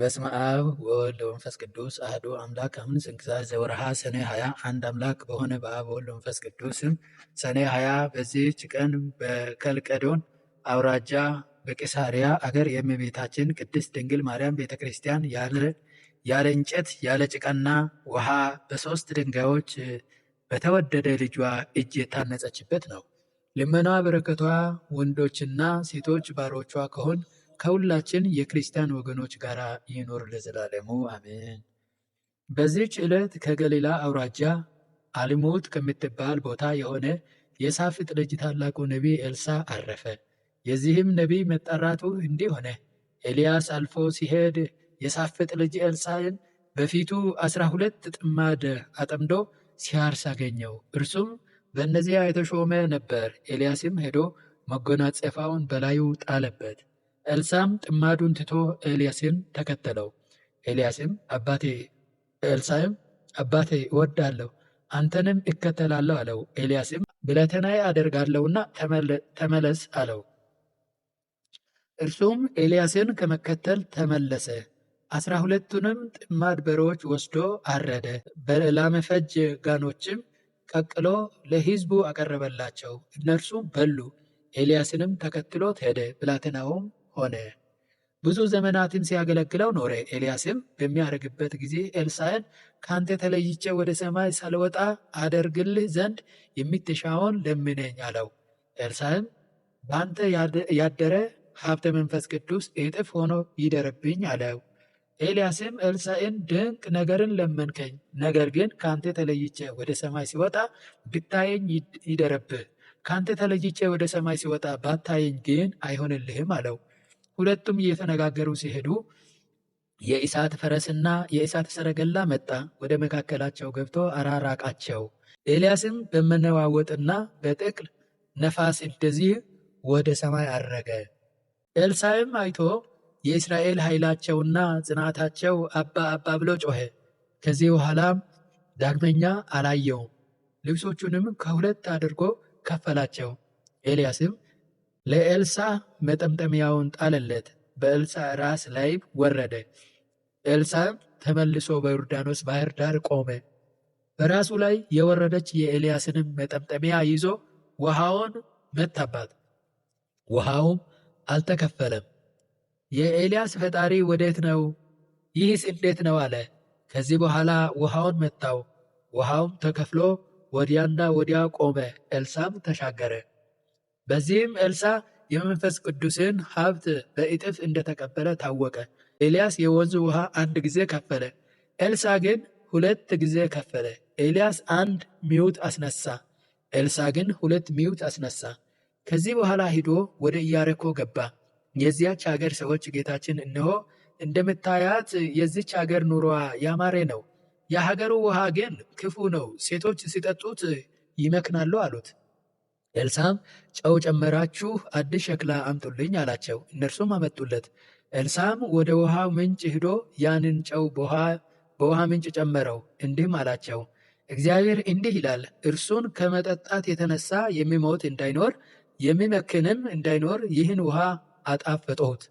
በስመ አብ ወወልድ ወመንፈስ ቅዱስ አሐዱ አምላክ አሜን። ስንክሳር ዘወርሃ ሰኔ ሀያ አንድ አምላክ በሆነ በአብ ወወልድ ወመንፈስ ቅዱስም ሰኔ ሀያ በዚህች ቀን በከልቀዶን አውራጃ በቂሳሪያ አገር የእመቤታችን ቅድስት ድንግል ማርያም ቤተ ክርስቲያን ያለ እንጨት ያለ ጭቃና ውሃ በሶስት ድንጋዮች በተወደደ ልጇ እጅ የታነጸችበት ነው። ልመናዋ በረከቷ ወንዶችና ሴቶች ባሮቿ ከሆን ከሁላችን የክርስቲያን ወገኖች ጋር ይኖር ለዘላለሙ አሜን። በዚች ዕለት ከገሊላ አውራጃ አልሙት ከምትባል ቦታ የሆነ የሳፍጥ ልጅ ታላቁ ነቢይ ኤልሳ አረፈ። የዚህም ነቢይ መጠራቱ እንዲህ ሆነ። ኤልያስ አልፎ ሲሄድ የሳፍጥ ልጅ ኤልሳዕን በፊቱ አስራ ሁለት ጥማድ አጠምዶ ሲያርስ አገኘው። እርሱም በእነዚያ የተሾመ ነበር። ኤልያስም ሄዶ መጎናጸፋውን በላዩ ጣለበት። ኤልሳም ጥማዱን ትቶ ኤልያስን ተከተለው። ኤልያስም አባቴ ኤልሳዕም አባቴ እወዳለሁ አንተንም እከተላለሁ አለው። ኤልያስም ብለተናይ አደርጋለሁና ተመለስ አለው። እርሱም ኤልያስን ከመከተል ተመለሰ። አስራ ሁለቱንም ጥማድ በሬዎች ወስዶ አረደ። በላመፈጅ ጋኖችም ቀቅሎ ለሕዝቡ አቀረበላቸው። እነርሱ በሉ። ኤልያስንም ተከትሎት ሄደ። ብላቴናውም ሆነ። ብዙ ዘመናትን ሲያገለግለው ኖረ። ኤልያስም በሚያደርግበት ጊዜ ኤልሳዕን ካንተ ተለይቼ ወደ ሰማይ ሳልወጣ አደርግልህ ዘንድ የምትሻውን ለምነኝ አለው። ኤልሳዕም በአንተ ያደረ ሀብተ መንፈስ ቅዱስ እጥፍ ሆኖ ይደርብኝ አለው። ኤልያስም ኤልሳዕን ድንቅ ነገርን ለመንከኝ፣ ነገር ግን ካንተ ተለይቼ ወደ ሰማይ ሲወጣ ብታየኝ ይደርብህ፣ ካንተ ተለይቼ ወደ ሰማይ ሲወጣ ባታየኝ ግን አይሆንልህም አለው። ሁለቱም እየተነጋገሩ ሲሄዱ የእሳት ፈረስና የእሳት ሰረገላ መጣ፣ ወደ መካከላቸው ገብቶ አራራቃቸው። ኤልያስም በመነዋወጥና በጥቅል ነፋስ እንደዚህ ወደ ሰማይ አረገ። ኤልሳዕም አይቶ የእስራኤል ኃይላቸውና ጽናታቸው አባ አባ ብሎ ጮኸ። ከዚህ በኋላም ዳግመኛ አላየውም። ልብሶቹንም ከሁለት አድርጎ ከፈላቸው። ኤልያስም ለኤልሳ መጠምጠሚያውን ጣለለት፣ በኤልሳ ራስ ላይ ወረደ። ኤልሳም ተመልሶ በዮርዳኖስ ባህር ዳር ቆመ። በራሱ ላይ የወረደች የኤልያስንም መጠምጠሚያ ይዞ ውሃውን መታባት፣ ውሃውም አልተከፈለም። የኤልያስ ፈጣሪ ወዴት ነው? ይህስ እንዴት ነው አለ። ከዚህ በኋላ ውሃውን መታው፣ ውሃውም ተከፍሎ ወዲያና ወዲያ ቆመ። ኤልሳም ተሻገረ። በዚህም ኤልሳ የመንፈስ ቅዱስን ሀብት በእጥፍ እንደተቀበለ ታወቀ። ኤልያስ የወንዙ ውሃ አንድ ጊዜ ከፈለ፣ ኤልሳ ግን ሁለት ጊዜ ከፈለ። ኤልያስ አንድ ሚውት አስነሳ፣ ኤልሳ ግን ሁለት ሚውት አስነሳ። ከዚህ በኋላ ሂዶ ወደ ኢያሪኮ ገባ። የዚያች አገር ሰዎች ጌታችን እነሆ እንደምታያት የዚች ሀገር ኑሮዋ ያማረ ነው፣ የሀገሩ ውሃ ግን ክፉ ነው፣ ሴቶች ሲጠጡት ይመክናሉ አሉት። ኤልሳም ጨው ጨመራችሁ፣ አዲስ ሸክላ አምጡልኝ አላቸው። እነርሱም አመጡለት። ኤልሳም ወደ ውሃ ምንጭ ሂዶ ያንን ጨው በውሃ ምንጭ ጨመረው፣ እንዲህም አላቸው፣ እግዚአብሔር እንዲህ ይላል፣ እርሱን ከመጠጣት የተነሳ የሚሞት እንዳይኖር የሚመክንም እንዳይኖር ይህን ውሃ አጣፈጠሁት።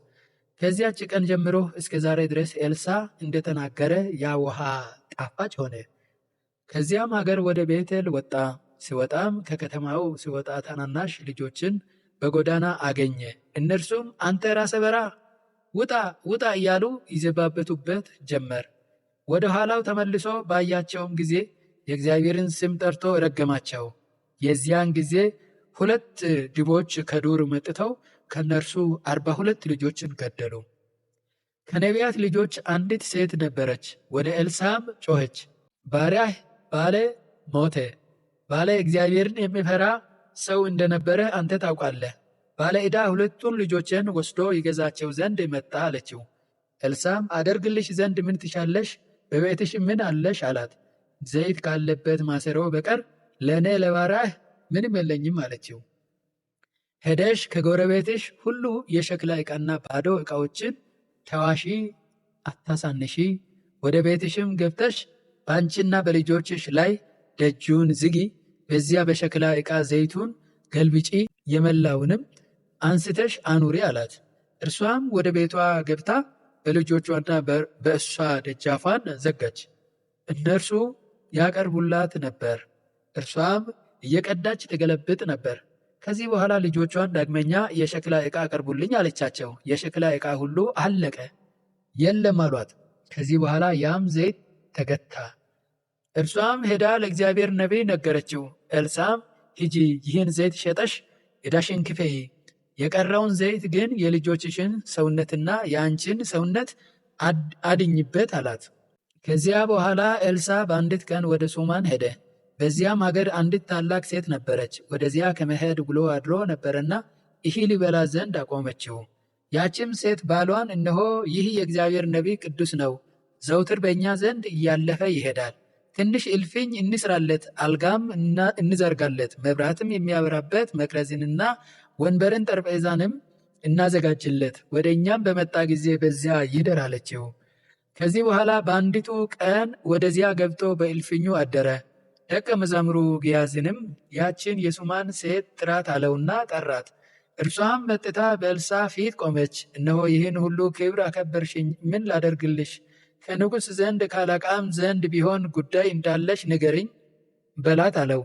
ከዚያች ቀን ጀምሮ እስከ ዛሬ ድረስ ኤልሳ እንደተናገረ ያ ውሃ ጣፋጭ ሆነ። ከዚያም ሀገር ወደ ቤቴል ወጣ። ሲወጣም ከከተማው ሲወጣ ታናናሽ ልጆችን በጎዳና አገኘ። እነርሱም አንተ ራሰ በራ ውጣ ውጣ እያሉ ይዘባበቱበት ጀመር። ወደ ኋላው ተመልሶ ባያቸውም ጊዜ የእግዚአብሔርን ስም ጠርቶ ረገማቸው። የዚያን ጊዜ ሁለት ድቦች ከዱር መጥተው ከእነርሱ አርባ ሁለት ልጆችን ገደሉ። ከነቢያት ልጆች አንዲት ሴት ነበረች። ወደ ኤልሳም ጮኸች፣ ባሪያህ ባለ ሞተ ባለ እግዚአብሔርን የሚፈራ ሰው እንደነበረ አንተ ታውቃለህ። ባለ ዕዳ ሁለቱን ልጆችን ወስዶ ይገዛቸው ዘንድ መጣ አለችው። ኤልሳም አደርግልሽ ዘንድ ምን ትሻለሽ? በቤትሽ ምን አለሽ? አላት። ዘይት ካለበት ማሰሮ በቀር ለእኔ ለባራህ ምንም የለኝም አለችው። ሄደሽ ከጎረቤትሽ ሁሉ የሸክላ ዕቃና ባዶ ዕቃዎችን ተዋሺ፣ አታሳንሺ። ወደ ቤትሽም ገብተሽ በአንቺና በልጆችሽ ላይ ደጁን ዝጊ፣ በዚያ በሸክላ ዕቃ ዘይቱን ገልብጪ፣ የመላውንም አንስተሽ አኑሪ አላት። እርሷም ወደ ቤቷ ገብታ በልጆቿና በእሷ ደጃፏን ዘጋች። እነርሱ ያቀርቡላት ነበር፣ እርሷም እየቀዳች ትገለብጥ ነበር። ከዚህ በኋላ ልጆቿን ዳግመኛ የሸክላ ዕቃ አቅርቡልኝ አለቻቸው። የሸክላ ዕቃ ሁሉ አለቀ፣ የለም አሏት። ከዚህ በኋላ ያም ዘይት ተገታ። እርሷም ሄዳ ለእግዚአብሔር ነቢይ ነገረችው። ኤልሳም ሂጂ ይህን ዘይት ሸጠሽ ዕዳሽን ክፈይ፣ የቀረውን ዘይት ግን የልጆችሽን ሰውነትና የአንቺን ሰውነት አድኝበት አላት። ከዚያ በኋላ ኤልሳ በአንዲት ቀን ወደ ሱማን ሄደ። በዚያም አገር አንዲት ታላቅ ሴት ነበረች። ወደዚያ ከመሄድ ውሎ አድሮ ነበረና እህል ይበላ ዘንድ አቆመችው። ያችም ሴት ባሏን፣ እነሆ ይህ የእግዚአብሔር ነቢይ ቅዱስ ነው፣ ዘውትር በእኛ ዘንድ እያለፈ ይሄዳል ትንሽ እልፍኝ እንስራለት፣ አልጋም እንዘርጋለት፣ መብራትም የሚያበራበት መቅረዝንና ወንበርን ጠረጴዛንም እናዘጋጅለት፣ ወደ እኛም በመጣ ጊዜ በዚያ ይደር አለችው። ከዚህ በኋላ በአንዲቱ ቀን ወደዚያ ገብቶ በእልፍኙ አደረ። ደቀ መዛሙሩ ግያዝንም ያችን የሱማን ሴት ጥራት አለውና ጠራት። እርሷም መጥታ በእልሳ ፊት ቆመች። እነሆ ይህን ሁሉ ክብር አከበርሽኝ፣ ምን ላደርግልሽ? ከንጉሥ ዘንድ ካለቃም ዘንድ ቢሆን ጉዳይ እንዳለሽ ንገርኝ በላት አለው።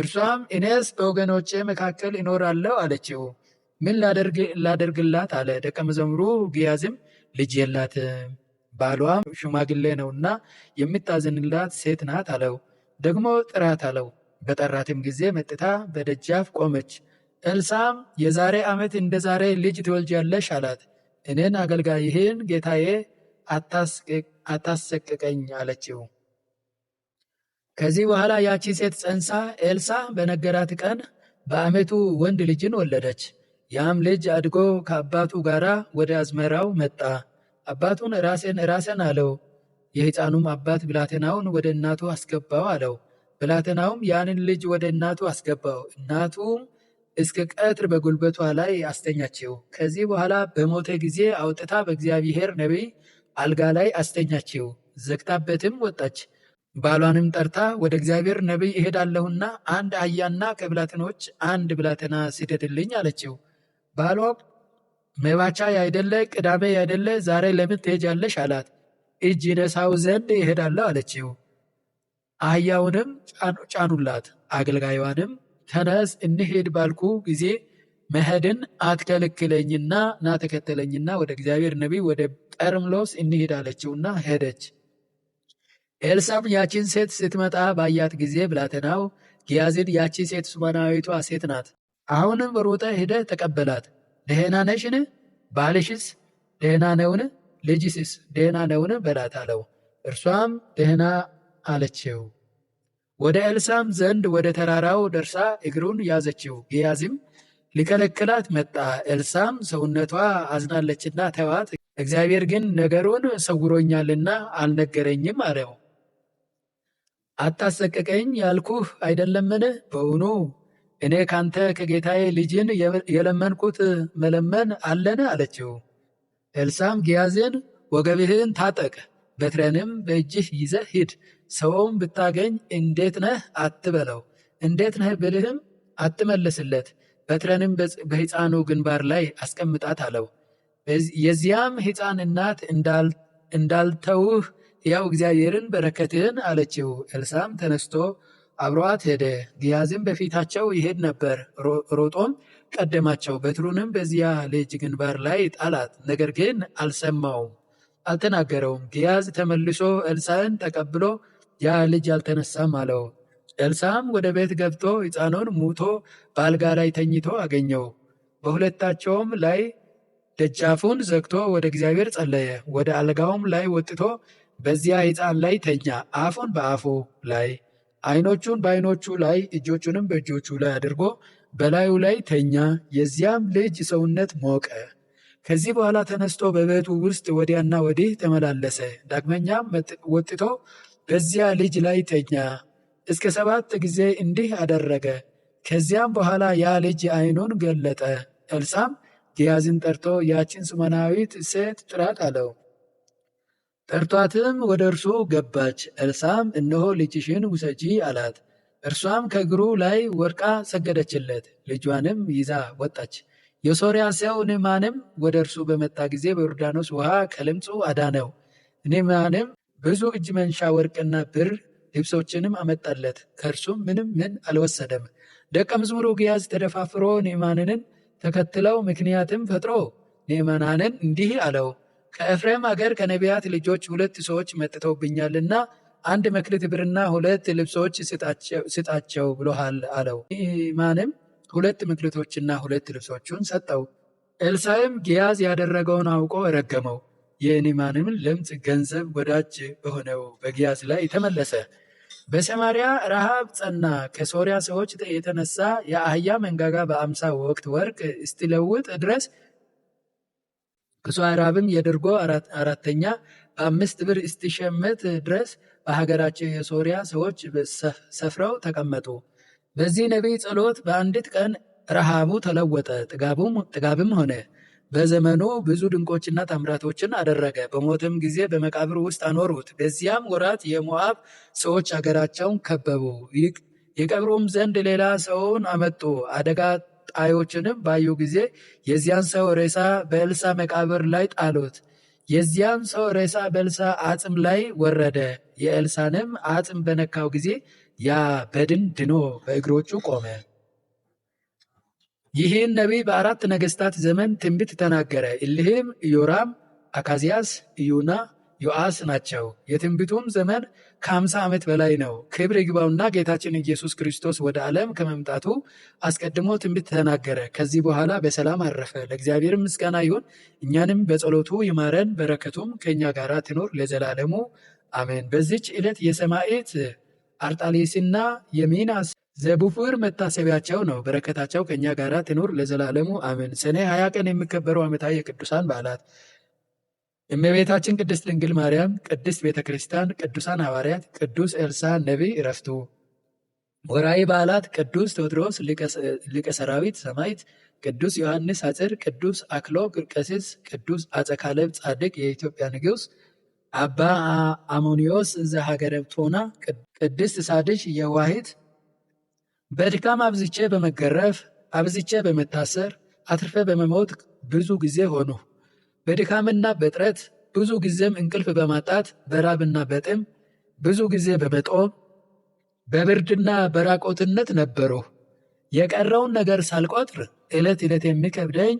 እርሷም እኔስ በወገኖቼ መካከል እኖራለሁ አለችው። ምን ላደርግላት አለ። ደቀ መዘምሩ ግያዝም ልጅ የላትም ባሏም ሽማግሌ ነውና የምታዝንላት ሴት ናት አለው። ደግሞ ጥራት አለው። በጠራትም ጊዜ መጥታ በደጃፍ ቆመች። እልሳም የዛሬ ዓመት እንደ ዛሬ ልጅ ትወልጃለሽ አላት። እኔን አገልጋይህን ጌታዬ አታስቅ አታሰቅቀኝ አለችው። ከዚህ በኋላ ያቺ ሴት ጸንሳ ኤልሳ በነገራት ቀን በአመቱ ወንድ ልጅን ወለደች። ያም ልጅ አድጎ ከአባቱ ጋር ወደ አዝመራው መጣ። አባቱን ራሴን ራሴን አለው። የሕፃኑም አባት ብላቴናውን ወደ እናቱ አስገባው አለው። ብላቴናውም ያንን ልጅ ወደ እናቱ አስገባው። እናቱም እስከ ቀትር በጉልበቷ ላይ አስተኛችው። ከዚህ በኋላ በሞተ ጊዜ አውጥታ በእግዚአብሔር ነቢይ አልጋ ላይ አስተኛችው፣ ዘግታበትም ወጣች። ባሏንም ጠርታ ወደ እግዚአብሔር ነቢይ እሄዳለሁና አንድ አህያና ከብላትኖች አንድ ብላትና ስደድልኝ አለችው። ባሏም መባቻ ያይደለ ቅዳሜ ያይደለ ዛሬ ለምን ትሄጃለሽ? አላት። እጅ ነሳው ዘንድ እሄዳለሁ አለችው። አህያውንም ጫኑላት። አገልጋይዋንም ተነስ እንሄድ ባልኩ ጊዜ መሄድን አትከልክለኝና ና ተከተለኝና ወደ እግዚአብሔር ነቢይ ወደ ጠርምሎስ እንሂድ አለችውና ሄደች። ኤልሳም ያቺን ሴት ስትመጣ ባያት ጊዜ ብላቴናው ጊያዝን ያቺ ሴት ሱማናዊቷ ሴት ናት፣ አሁንም ሮጠ ሄደ ተቀበላት። ደህና ነሽን? ባልሽስ ደህና ነውን? ልጅስስ ደህና ነውን? በላት አለው። እርሷም ደህና አለችው። ወደ ኤልሳም ዘንድ ወደ ተራራው ደርሳ እግሩን ያዘችው። ጊያዝም ሊከለክላት መጣ። ኤልሳም ሰውነቷ አዝናለችና ተዋት እግዚአብሔር ግን ነገሩን ሰውሮኛልና አልነገረኝም አለው። አታሰቀቀኝ ያልኩህ አይደለምን? በውኑ እኔ ካንተ ከጌታዬ ልጅን የለመንኩት መለመን አለን አለችው። ኤልሳም ጊያዝን ወገብህን ታጠቅ፣ በትረንም በእጅህ ይዘህ ሂድ፣ ሰውም ብታገኝ እንዴት ነህ አትበለው፣ እንዴት ነህ ብልህም አትመልስለት፣ በትረንም በሕፃኑ ግንባር ላይ አስቀምጣት አለው። የዚያም ሕፃን እናት እንዳልተውህ ያው እግዚአብሔርን በረከትህን አለችው። ኤልሳም ተነስቶ አብረዋት ሄደ። ግያዝም በፊታቸው ይሄድ ነበር። ሮጦም ቀደማቸው፣ በትሩንም በዚያ ልጅ ግንባር ላይ ጣላት። ነገር ግን አልሰማውም፣ አልተናገረውም። ግያዝ ተመልሶ ኤልሳዕን ተቀብሎ ያ ልጅ አልተነሳም አለው። ኤልሳም ወደ ቤት ገብቶ ሕፃኑን ሙቶ በአልጋ ላይ ተኝቶ አገኘው። በሁለታቸውም ላይ ደጃፉን ዘግቶ ወደ እግዚአብሔር ጸለየ። ወደ አልጋውም ላይ ወጥቶ በዚያ ሕፃን ላይ ተኛ። አፉን በአፉ ላይ ዓይኖቹን በዓይኖቹ ላይ እጆቹንም በእጆቹ ላይ አድርጎ በላዩ ላይ ተኛ። የዚያም ልጅ ሰውነት ሞቀ። ከዚህ በኋላ ተነስቶ በቤቱ ውስጥ ወዲያና ወዲህ ተመላለሰ። ዳግመኛም ወጥቶ በዚያ ልጅ ላይ ተኛ። እስከ ሰባት ጊዜ እንዲህ አደረገ። ከዚያም በኋላ ያ ልጅ ዓይኑን ገለጠ። ኤልሳም ጊያዝን ጠርቶ ያችን ሱመናዊት ሴት ጥራት አለው። ጠርቷትም ወደ እርሱ ገባች። ኤልሳዕም እነሆ ልጅሽን ውሰጂ አላት። እርሷም ከእግሩ ላይ ወድቃ ሰገደችለት። ልጇንም ይዛ ወጣች። የሶርያ ሰው ንዕማንም ወደ እርሱ በመጣ ጊዜ በዮርዳኖስ ውሃ ከለምጹ አዳነው። ንዕማንም ብዙ እጅ መንሻ ወርቅና ብር ልብሶችንም አመጣለት። ከእርሱም ምንም ምን አልወሰደም። ደቀ መዝሙሩ ግያዝ ተደፋፍሮ ንዕማንን ተከትለው ምክንያትም ፈጥሮ ንዕማናንን እንዲህ አለው፣ ከኤፍሬም አገር ከነቢያት ልጆች ሁለት ሰዎች መጥተውብኛልና አንድ መክሊት ብርና ሁለት ልብሶች ስጣቸው ብሎሃል አለው። ንዕማንም ሁለት መክሊቶችና ሁለት ልብሶቹን ሰጠው። ኤልሳዕም ግያዝ ያደረገውን አውቆ ረገመው። የንዕማንም ልምጽ ገንዘብ ወዳጅ በሆነው በግያዝ ላይ ተመለሰ። በሰማሪያ ረሃብ ጸና። ከሶሪያ ሰዎች የተነሳ የአህያ መንጋጋ በአምሳ ወቅት ወርቅ እስትለውጥ ድረስ ከሷ ራብም የድርጎ አራተኛ በአምስት ብር እስትሸመት ድረስ በሀገራቸው የሶሪያ ሰዎች ሰፍረው ተቀመጡ። በዚህ ነቢይ ጸሎት በአንዲት ቀን ረሃቡ ተለወጠ፣ ጥጋብም ሆነ። በዘመኑ ብዙ ድንቆችና ታምራቶችን አደረገ። በሞትም ጊዜ በመቃብር ውስጥ አኖሩት። በዚያም ወራት የሞዓብ ሰዎች አገራቸውን ከበቡ። የቀብሩም ዘንድ ሌላ ሰውን አመጡ። አደጋ ጣዮችንም ባዩ ጊዜ የዚያን ሰው ሬሳ በኤልሳ መቃብር ላይ ጣሉት። የዚያም ሰው ሬሳ በኤልሳ አጽም ላይ ወረደ። የኤልሳንም አጽም በነካው ጊዜ ያ በድን ድኖ በእግሮቹ ቆመ። ይህን ነቢይ በአራት ነገስታት ዘመን ትንቢት ተናገረ። እሊህም ዮራም፣ አካዚያስ፣ እዩና ዮአስ ናቸው። የትንቢቱም ዘመን ከአምሳ ዓመት በላይ ነው። ክብር ይግባውና ጌታችን ኢየሱስ ክርስቶስ ወደ ዓለም ከመምጣቱ አስቀድሞ ትንቢት ተናገረ። ከዚህ በኋላ በሰላም አረፈ። ለእግዚአብሔር ምስጋና ይሁን፣ እኛንም በጸሎቱ ይማረን፣ በረከቱም ከእኛ ጋር ትኖር ለዘላለሙ አሜን። በዚች ዕለት የሰማዕት አርጣሌስና የሚናስ ዘቡፉር መታሰቢያቸው ነው። በረከታቸው ከእኛ ጋር ትኑር ለዘላለሙ አሜን። ሰኔ ሀያ ቀን የሚከበሩ ዓመታዊ የቅዱሳን በዓላት እመቤታችን ቅድስት ድንግል ማርያም፣ ቅድስት ቤተ ክርስቲያን፣ ቅዱሳን ሐዋርያት፣ ቅዱስ እርሳ ነቢይ ረፍቱ! ወርኃዊ በዓላት ቅዱስ ቴዎድሮስ ሊቀ ሰራዊት ሰማዕት፣ ቅዱስ ዮሐንስ ሐፂር፣ ቅዱስ አክሎግ ቀሲስ፣ ቅዱስ አጸካለብ ጻድቅ የኢትዮጵያ ንጉሥ፣ አባ አሞኒዮስ ዘሀገረ ቶና፣ ቅድስት ሳድሽ የዋሂት በድካም አብዝቼ በመገረፍ አብዝቼ በመታሰር አትርፈ በመሞት ብዙ ጊዜ ሆኑ በድካምና በጥረት ብዙ ጊዜም እንቅልፍ በማጣት በራብና በጥም ብዙ ጊዜ በመጦም በብርድና በራቆትነት ነበሩ። የቀረውን ነገር ሳልቆጥር ዕለት ዕለት የሚከብደኝ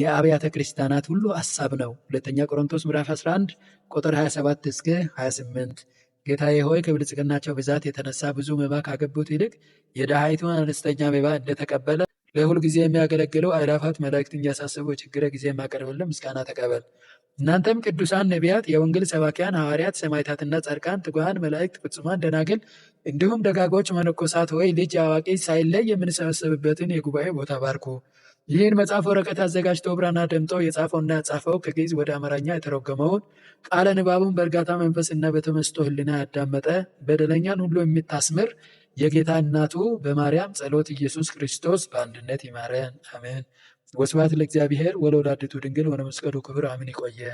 የአብያተ ክርስቲያናት ሁሉ ሐሳብ ነው። ሁለተኛ ቆሮንቶስ ምዕራፍ 11 ቁጥር 27 እስከ 28 ጌታዬ ሆይ ከብልጽግናቸው ብዛት የተነሳ ብዙ መባ ካገቡት ይልቅ የድሃይቱን አነስተኛ መባ እንደተቀበለ ለሁል ጊዜ የሚያገለግለው አእላፋት መላእክት እንዲያሳስቡ ችግረ ጊዜ የማቀርብልን ምስጋና ተቀበል። እናንተም ቅዱሳን ነቢያት፣ የወንጌል ሰባኪያን ሐዋርያት፣ ሰማዕታትና ጻድቃን፣ ትጉሃን መላእክት፣ ፍጹማን ደናግል፣ እንዲሁም ደጋጎች መነኮሳት ሆይ ልጅ አዋቂ ሳይለይ የምንሰበሰብበትን የጉባኤ ቦታ ባርኩ። ይህን መጽሐፍ ወረቀት አዘጋጅቶ ብራና ደምጠው የጻፈውና ያጻፈው ከግዕዝ ወደ አማርኛ የተረጎመውን ቃለ ንባቡን በእርጋታ መንፈስና በተመስጦ ሕሊና ያዳመጠ በደለኛን ሁሉ የምታስምር የጌታ እናቱ በማርያም ጸሎት ኢየሱስ ክርስቶስ በአንድነት ይማረን፣ አሜን። ወስብሐት ለእግዚአብሔር ወለወላዲቱ ድንግል ወለመስቀሉ ክቡር፣ አሜን። ይቆየ